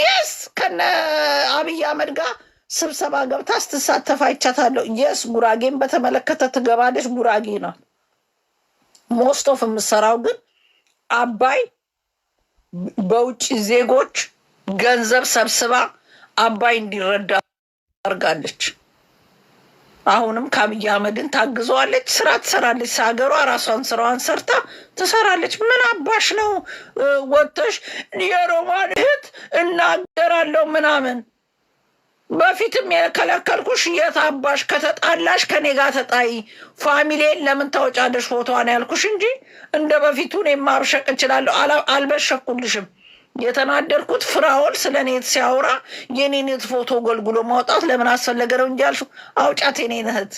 የስ ከነ አብይ አህመድ ጋር ስብሰባ ገብታ ስትሳተፍ አይቻታለሁ። የስ ጉራጌን በተመለከተ ትገባለች። ጉራጌ ናት ሞስቶፍ የምሰራው ግን አባይ በውጭ ዜጎች ገንዘብ ሰብስባ አባይ እንዲረዳ አርጋለች። አሁንም ከአብይ አህመድን ታግዘዋለች። ስራ ትሰራለች። ሀገሯ ራሷን ስራዋን ሰርታ ትሰራለች። ምን አባሽ ነው ወጥተሽ የሮማን እህት እናገራለሁ ምናምን። በፊትም የከለከልኩሽ የት አባሽ ከተጣላሽ ከኔ ጋር ተጣይ፣ ፋሚሌን ለምን ታወጫለሽ ፎቶዋን ያልኩሽ እንጂ እንደ በፊቱ እኔ ማብሸቅ እችላለሁ። አልበሸኩልሽም። የተናደርኩት ፍራውን ስለ እኔት ሲያወራ የኔን እህት ፎቶ ጎልጉሎ ማውጣት ለምን አስፈለገ ነው እንጂ አልሽው፣ አውጫት የኔን እህት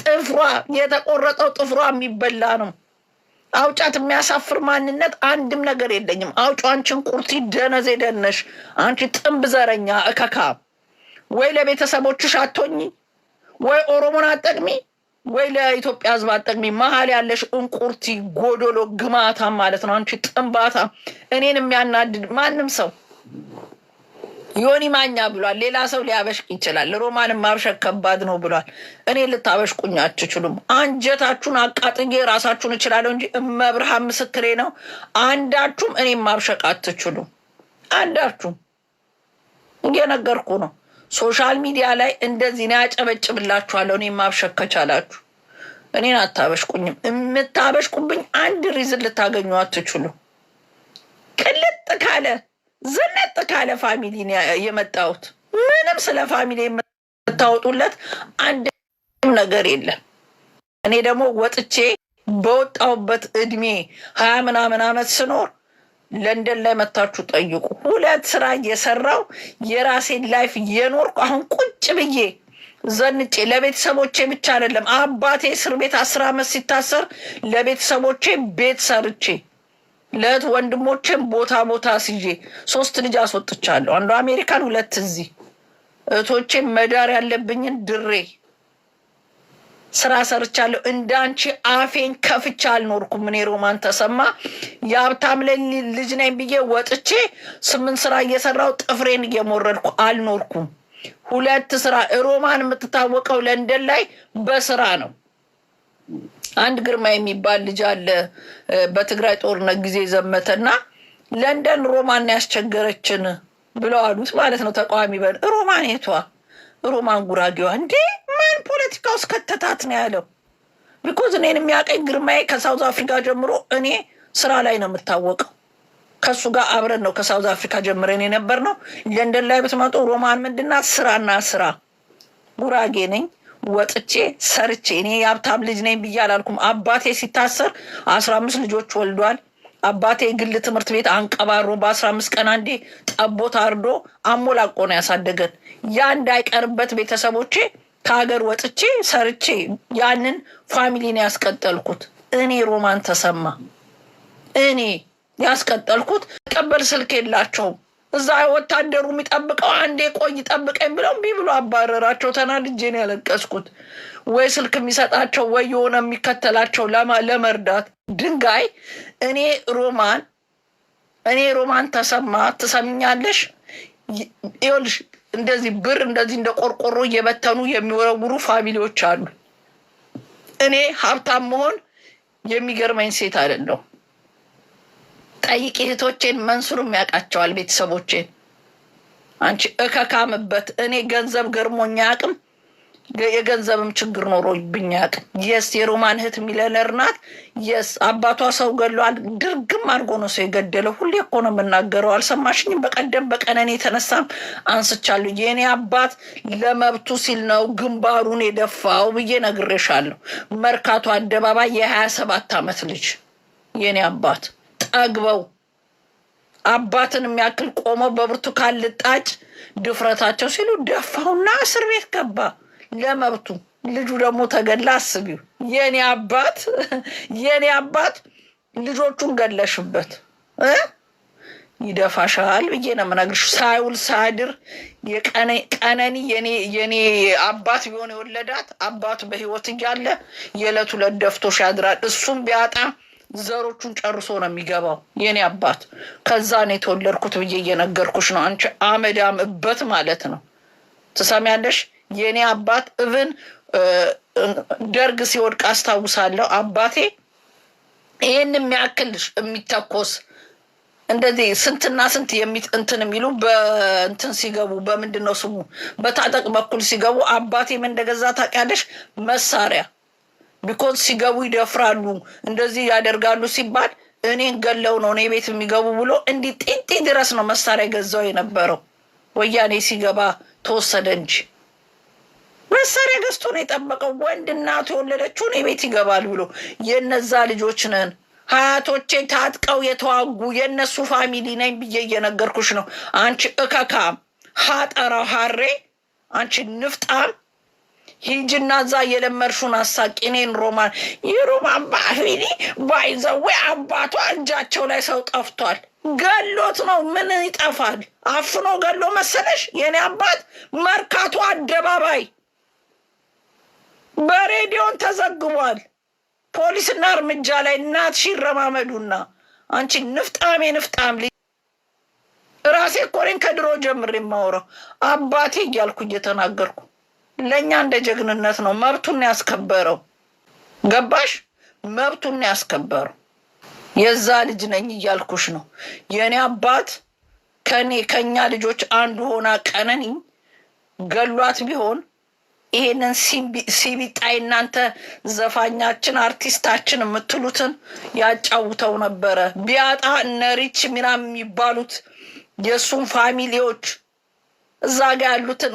ጥፍሯ የተቆረጠው ጥፍሯ የሚበላ ነው። አውጫት። የሚያሳፍር ማንነት አንድም ነገር የለኝም። አውጩ አንቺን ቁርቲ ደነዝ የደነሽ አንቺ ጥንብ ዘረኛ እከካ፣ ወይ ለቤተሰቦችሽ አቶኝ፣ ወይ ኦሮሞን አጠቅሚ ወይ ለኢትዮጵያ ሕዝብ አጠቅሚ መሀል ያለሽ እንቁርቲ ጎዶሎ ግማታ ማለት ነው። አንቺ ጥንባታ እኔን የሚያናድድ ማንም ሰው ዮኒ ማኛ ብሏል። ሌላ ሰው ሊያበሽቅ ይችላል። ሮማንም ማብሸቅ ከባድ ነው ብሏል። እኔ ልታበሽቁኝ አትችሉም። አንጀታችሁን አቃጥጌ ራሳችሁን እችላለሁ እንጂ እመብርሃን ምስክሬ ነው። አንዳችሁም እኔም ማብሸቅ አትችሉም። አንዳችሁም እየነገርኩ ነው። ሶሻል ሚዲያ ላይ እንደዚህ ነው ያጨበጭብላችኋለሁ። እኔ ማብሸክ አላችሁ። እኔን አታበሽቁኝም። የምታበሽቁብኝ አንድ ሪዝን ልታገኙ አትችሉ። ቅልጥ ካለ ዝንጥ ካለ ፋሚሊ የመጣሁት ምንም ስለ ፋሚሊ የምታወጡለት አንድም ነገር የለም። እኔ ደግሞ ወጥቼ በወጣሁበት እድሜ ሀያ ምናምን አመት ስኖር ለንደን ላይ መታችሁ ጠይቁ። ሁለት ስራ እየሰራው የራሴን ላይፍ እየኖርኩ አሁን ቁጭ ብዬ ዘንጬ ለቤተሰቦቼ ብቻ አይደለም አባቴ እስር ቤት አስር ዓመት ሲታሰር ለቤተሰቦቼ ቤት ሰርቼ ለእህት ወንድሞቼም ቦታ ቦታ አስይዤ ሶስት ልጅ አስወጥቻለሁ። አንዷ አሜሪካን፣ ሁለት እዚህ እህቶቼ መዳር ያለብኝን ድሬ ስራ ሰርቻለሁ። እንዳንቺ አፌን ከፍቻ አልኖርኩም። እኔ ሮማን ተሰማ የሀብታም ልጅ ነኝ ብዬ ወጥቼ ስምንት ስራ እየሰራው ጥፍሬን እየሞረድኩ አልኖርኩም። ሁለት ስራ ሮማን የምትታወቀው ለንደን ላይ በስራ ነው። አንድ ግርማ የሚባል ልጅ አለ በትግራይ ጦርነት ጊዜ ዘመተና ለንደን ሮማን ያስቸገረችን ብለው አሉት ማለት ነው ተቃዋሚ በን ሮማን የቷ ሮማን ጉራጌዋ እንዴ ፖለቲካ ውስጥ ከተታት ነው ያለው። ቢኮዝ እኔን የሚያቀኝ ግርማዬ ከሳውዝ አፍሪካ ጀምሮ እኔ ስራ ላይ ነው የምታወቀው። ከእሱ ጋር አብረን ነው ከሳውዝ አፍሪካ ጀምረን የነበር ነው። ለንደን ላይ ብትመጡ ሮማን ምንድና ስራና ስራ ጉራጌ ነኝ ወጥቼ ሰርቼ እኔ የሀብታም ልጅ ነኝ ብዬ አላልኩም። አባቴ ሲታሰር አስራ አምስት ልጆች ወልዷል። አባቴ ግል ትምህርት ቤት አንቀባሮ በአስራ አምስት ቀን አንዴ ጠቦት አርዶ አሞላቆ ነው ያሳደገን። ያ እንዳይቀርበት ቤተሰቦቼ ከሀገር ወጥቼ ሰርቼ ያንን ፋሚሊን ያስቀጠልኩት እኔ ሮማን ተሰማ እኔ ያስቀጠልኩት። ቀበል ስልክ የላቸውም። እዛ ወታደሩ የሚጠብቀው አንዴ ቆይ ጠብቀኝ ብለው ቢ ብሎ አባረራቸው። ተናድጄ ነው ያለቀስኩት። ወይ ስልክ የሚሰጣቸው ወይ የሆነ የሚከተላቸው ለመርዳት ድንጋይ። እኔ ሮማን እኔ ሮማን ተሰማ ትሰምኛለሽ? ይኸውልሽ እንደዚህ ብር እንደዚህ እንደ ቆርቆሮ እየበተኑ የሚወረውሩ ፋሚሊዎች አሉ። እኔ ሀብታም መሆን የሚገርመኝ ሴት አይደለሁም። ጠይቂ እህቶቼን፣ መንሱርም ያውቃቸዋል ቤተሰቦቼን። አንቺ እከካምበት እኔ ገንዘብ ገርሞኛ አቅም የገንዘብም ችግር ኖሮብኛል። የስ የሮማን እህት ሚሊዮነር ናት። የስ አባቷ ሰው ገሏል ድርግም አድርጎ ነው ሰው የገደለው። ሁሌ እኮ ነው የምናገረው። አልሰማሽኝም? በቀደም በቀነኔ የተነሳም አንስቻለሁ። የእኔ አባት ለመብቱ ሲል ነው ግንባሩን የደፋው ብዬ ነግሬሻለሁ። መርካቶ አደባባይ የሀያ ሰባት ዓመት ልጅ የእኔ አባት ጠግበው አባትን የሚያክል ቆመው በብርቱካን ልጣጭ ድፍረታቸው ሲሉ ደፋውና እስር ቤት ገባ። ለመብቱ ልጁ ደግሞ ተገላ አስቢው። የኔ አባት የኔ አባት ልጆቹን ገለሽበት ይደፋሻል ብዬ ነው የምነግርሽ። ሳይውል ሳድር ቀነኒ የኔ አባት ቢሆን የወለዳት አባቱ በህይወት እያለ የዕለት ሁለት ደፍቶሽ ያድራል። እሱም ቢያጣ ዘሮቹን ጨርሶ ነው የሚገባው። የኔ አባት ከዛ ነው የተወለድኩት ብዬ እየነገርኩሽ ነው። አንቺ አመዳም እበት ማለት ነው። ትሰሚያለሽ? የእኔ አባት እብን ደርግ ሲወድቅ አስታውሳለሁ። አባቴ ይህን የሚያክል የሚተኮስ እንደዚህ ስንትና ስንት የሚት እንትን የሚሉ በእንትን ሲገቡ በምንድን ነው ስሙ በታጠቅ በኩል ሲገቡ አባቴ ምን እንደገዛ ታውቂያለሽ? መሳሪያ ቢኮዝ ሲገቡ ይደፍራሉ፣ እንደዚህ ያደርጋሉ ሲባል እኔን ገለው ነው እኔ ቤት የሚገቡ ብሎ እንዲህ ጤጤ ድረስ ነው መሳሪያ ገዛው የነበረው። ወያኔ ሲገባ ተወሰደ እንጂ መሳሪያ ገዝቶ ነው የጠበቀው። ወንድ እናቱ የወለደችውን ቤት ይገባል ብሎ የነዛ ልጆች ነን ሀያቶቼ ታጥቀው የተዋጉ የእነሱ ፋሚሊ ነኝ ብዬ እየነገርኩሽ ነው። አንቺ እከካም ሀጠራ ሀሬ አንቺ ንፍጣም ሂጅና እዛ የለመድሹን አሳቂ እኔን ሮማን የሮማን ባፊኒ ባይዘዌ አባቷ እጃቸው ላይ ሰው ጠፍቷል። ገሎት ነው ምን ይጠፋል? አፍኖ ገሎ መሰለሽ የኔ አባት መርካቶ አደባባይ ሬዲዮን ተዘግቧል። ፖሊስና እርምጃ ላይ እናትሽ ይረማመዱና አንቺ ንፍጣሜ ንፍጣም ልጅ ራሴ ኮሬን ከድሮ ጀምሬ የማወራው አባቴ እያልኩ እየተናገርኩ ለእኛ እንደ ጀግንነት ነው። መብቱን ያስከበረው ገባሽ? መብቱን ያስከበረው የዛ ልጅ ነኝ እያልኩሽ ነው። የእኔ አባት ከኔ ከእኛ ልጆች አንዱ ሆና ቀነኒ ገሏት ቢሆን ይሄንን ሲቢጣ እናንተ ዘፋኛችን አርቲስታችን የምትሉትን ያጫውተው ነበረ። ቢያጣ እነሪች ምናም የሚባሉት የእሱን ፋሚሊዎች እዛ ጋ ያሉትን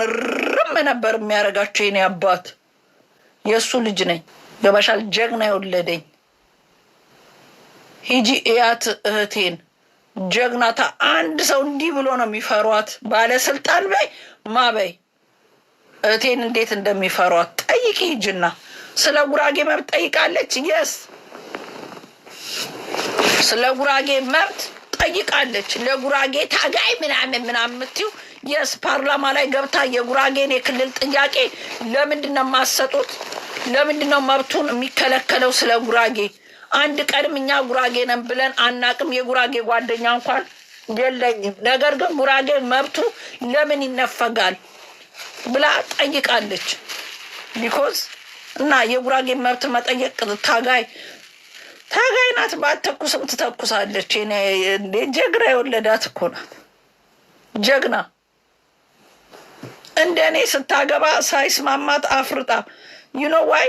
ርም ነበር የሚያደርጋቸው። የኔ አባት የእሱ ልጅ ነኝ። ገባሻል? ጀግና የወለደኝ ሂጂ እያት እህቴን ጀግናታ። አንድ ሰው እንዲህ ብሎ ነው የሚፈሯት። ባለስልጣን በይ ማበይ እቴን እንዴት እንደሚፈሯት ጠይቂ ሂጂና። ስለ ጉራጌ መብት ጠይቃለች። የስ ስለ ጉራጌ መብት ጠይቃለች። ለጉራጌ ታጋይ ምናምን ምናምን የምትይው የስ ፓርላማ ላይ ገብታ የጉራጌን የክልል ጥያቄ ለምንድን ነው የማሰጡት? ለምንድን ነው መብቱን የሚከለከለው? ስለ ጉራጌ አንድ ቀንም እኛ ጉራጌ ነን ብለን አናቅም። የጉራጌ ጓደኛ እንኳን የለኝም። ነገር ግን ጉራጌ መብቱ ለምን ይነፈጋል? ብላ ጠይቃለች። ቢኮዝ እና የጉራጌ መብት መጠየቅ ታጋይ ታጋይ ናት። ባትተኩስም ትተኩሳለች። ጀግና የወለዳት እኮ ናት። ጀግና እንደ እኔ ስታገባ ሳይስማማት አፍርጣ ዩኖ ዋይ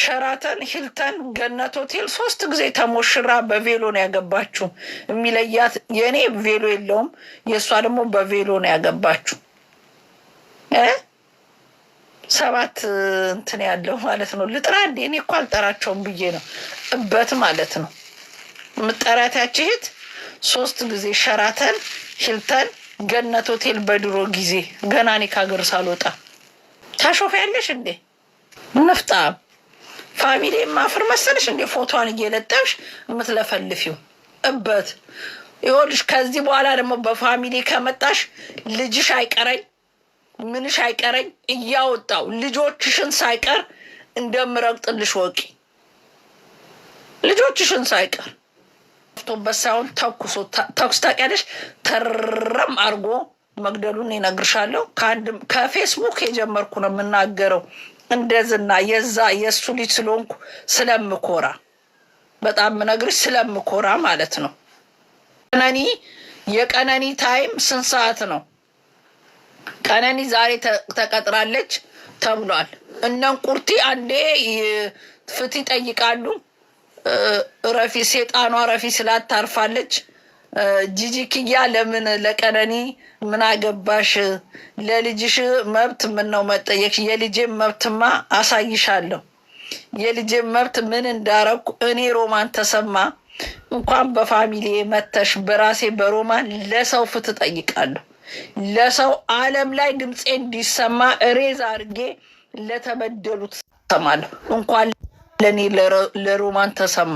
ሸራተን ሂልተን ገነት ሆቴል ሶስት ጊዜ ተሞሽራ በቬሎ ነው ያገባችሁ የሚለያት የእኔ ቬሎ የለውም፣ የእሷ ደግሞ በቬሎ ነው ያገባችሁ። ሰባት እንትን ያለው ማለት ነው። ልጥራ እንዴ? እኔ እኮ አልጠራቸውም ብዬ ነው። እበት ማለት ነው ምጠራት ያችሂት ሶስት ጊዜ ሸራተን፣ ሂልተን፣ ገነት ሆቴል በድሮ ጊዜ ገና እኔ ከሀገር ሳልወጣ ታሾፍ ያለሽ እንዴ? ነፍጣም ፋሚሊ ማፍር መሰለሽ እንዴ? ፎቶዋን እየለጠብሽ የምትለፈልፊው እበት ይኸውልሽ። ከዚህ በኋላ ደግሞ በፋሚሊ ከመጣሽ ልጅሽ አይቀረኝ ምን ሳይቀረኝ እያወጣው ልጆችሽን ሳይቀር እንደምረግጥልሽ ወቂ። ልጆችሽን ሳይቀር ቶበት ሳይሆን ተኩሶ ተኩስ ታውቂያለሽ፣ ተረም አድርጎ መግደሉን ይነግርሻለሁ። ከአንድም ከፌስቡክ የጀመርኩ ነው የምናገረው እንደዝና የዛ የእሱ ልጅ ስለሆንኩ ስለምኮራ በጣም ምነግርሽ ስለምኮራ ማለት ነው። ቀነኒ የቀነኒ ታይም ስንት ሰዓት ነው? ቀነኒ ዛሬ ተቀጥራለች ተብሏል። እነን ቁርቲ አንዴ ፍትህ ይጠይቃሉ። ረፊ ሴጣኗ ረፊ ስላት ታርፋለች። ለምን ለቀነኒ ምን አገባሽ? ለልጅሽ መብት ምን ነው መጠየቅ? የልጄን መብትማ አሳይሻለሁ። የልጄን መብት ምን እንዳረኩ እኔ ሮማን ተሰማ እንኳን በፋሚሊ መተሽ በራሴ በሮማን ለሰው ፍትህ ጠይቃለሁ። ለሰው ዓለም ላይ ድምፄ እንዲሰማ እሬዝ አድርጌ ለተበደሉት ሰማለሁ። እንኳን ለእኔ ለሮማን ተሰማ፣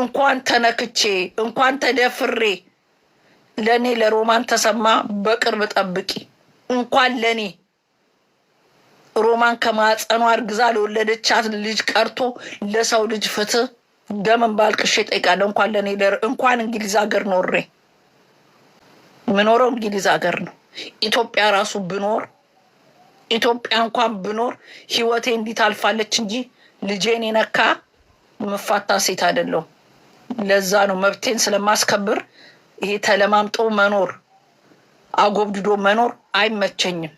እንኳን ተነክቼ፣ እንኳን ተደፍሬ ለእኔ ለሮማን ተሰማ በቅርብ ጠብቂ። እንኳን ለእኔ ሮማን ከማጸኗ አርግዛ ለወለደቻት ልጅ ቀርቶ ለሰው ልጅ ፍትህ ደምን ባልቅሽ ጠይቃለሁ። እንኳን ለእኔ እንኳን እንግሊዝ ሀገር ኖሬ የምኖረው እንግሊዝ ሀገር ነው። ኢትዮጵያ ራሱ ብኖር ኢትዮጵያ እንኳን ብኖር ህይወቴ እንዲት አልፋለች እንጂ ልጄን የነካ ምፋታ ሴት አይደለሁም። ለዛ ነው መብቴን ስለማስከብር ይሄ ተለማምጦ መኖር አጎብድዶ መኖር አይመቸኝም።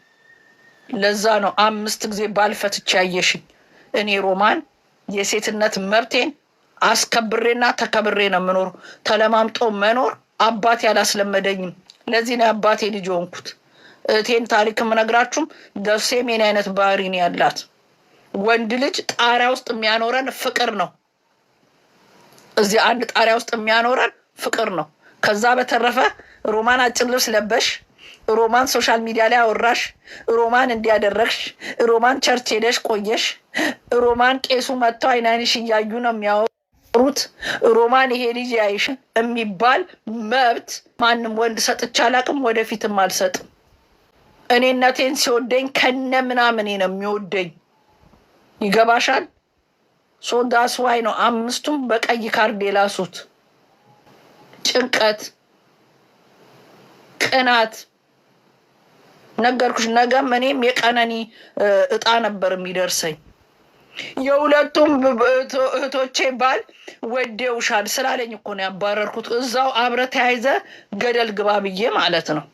ለዛ ነው አምስት ጊዜ ባልፈትቼ ያየሽኝ። እኔ ሮማን የሴትነት መብቴን አስከብሬና ተከብሬ ነው የምኖር። ተለማምጦ መኖር አባት ያላስለመደኝም። እንደዚህ ነው አባቴ ልጅ ሆንኩት። እህቴን ታሪክ የምነግራችሁም ደሴ ሜን አይነት ባህሪን ያላት። ወንድ ልጅ ጣሪያ ውስጥ የሚያኖረን ፍቅር ነው። እዚህ አንድ ጣሪያ ውስጥ የሚያኖረን ፍቅር ነው። ከዛ በተረፈ ሮማን አጭር ልብስ ለበሽ፣ ሮማን ሶሻል ሚዲያ ላይ አወራሽ፣ ሮማን እንዲያደረግሽ፣ ሮማን ቸርች ሄደሽ ቆየሽ፣ ሮማን ቄሱ መጥተው አይናይንሽ እያዩ ነው የሚያወ ሩት ሮማን ይሄ ልጅ ያይሽ የሚባል መብት ማንም ወንድ ሰጥቼ አላቅም፣ ወደፊትም አልሰጥም። እኔ እናቴን ሲወደኝ ከነ ምናምኔ ነው የሚወደኝ። ይገባሻል? ሶዳስ ዋይ ነው አምስቱም በቀይ ካርድ የላሱት። ጭንቀት፣ ቅናት ነገርኩሽ። ነገም እኔም የቀነኒ እጣ ነበር የሚደርሰኝ። የሁለቱም እህቶቼ ባል ወደውሻል ስላለኝ እኮ ነው ያባረርኩት። እዛው አብረ ተያይዘ ገደል ግባ ብዬ ማለት ነው።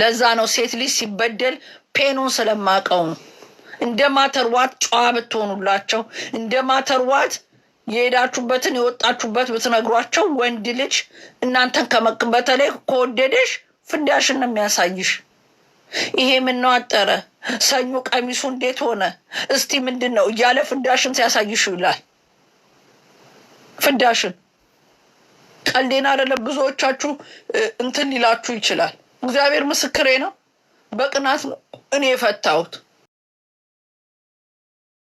ለዛ ነው ሴት ልጅ ሲበደል ፔኑን ስለማቀው ነው። እንደ ማተርዋት ጨዋ ብትሆኑላቸው፣ እንደ ማተርዋት የሄዳችሁበትን የወጣችሁበት ብትነግሯቸው፣ ወንድ ልጅ እናንተን ከመቅ በተለይ ከወደደሽ ፍዳሽን ነው የሚያሳይሽ። ይሄ ምነው አጠረ ሰኙ ቀሚሱ እንዴት ሆነ? እስቲ ምንድን ነው እያለ ፍዳሽን ሲያሳይሽ ይላል። ፍዳሽን ቀልዴን አደለ። ብዙዎቻችሁ እንትን ሊላችሁ ይችላል። እግዚአብሔር ምስክሬ ነው። በቅናት ነው እኔ የፈታሁት።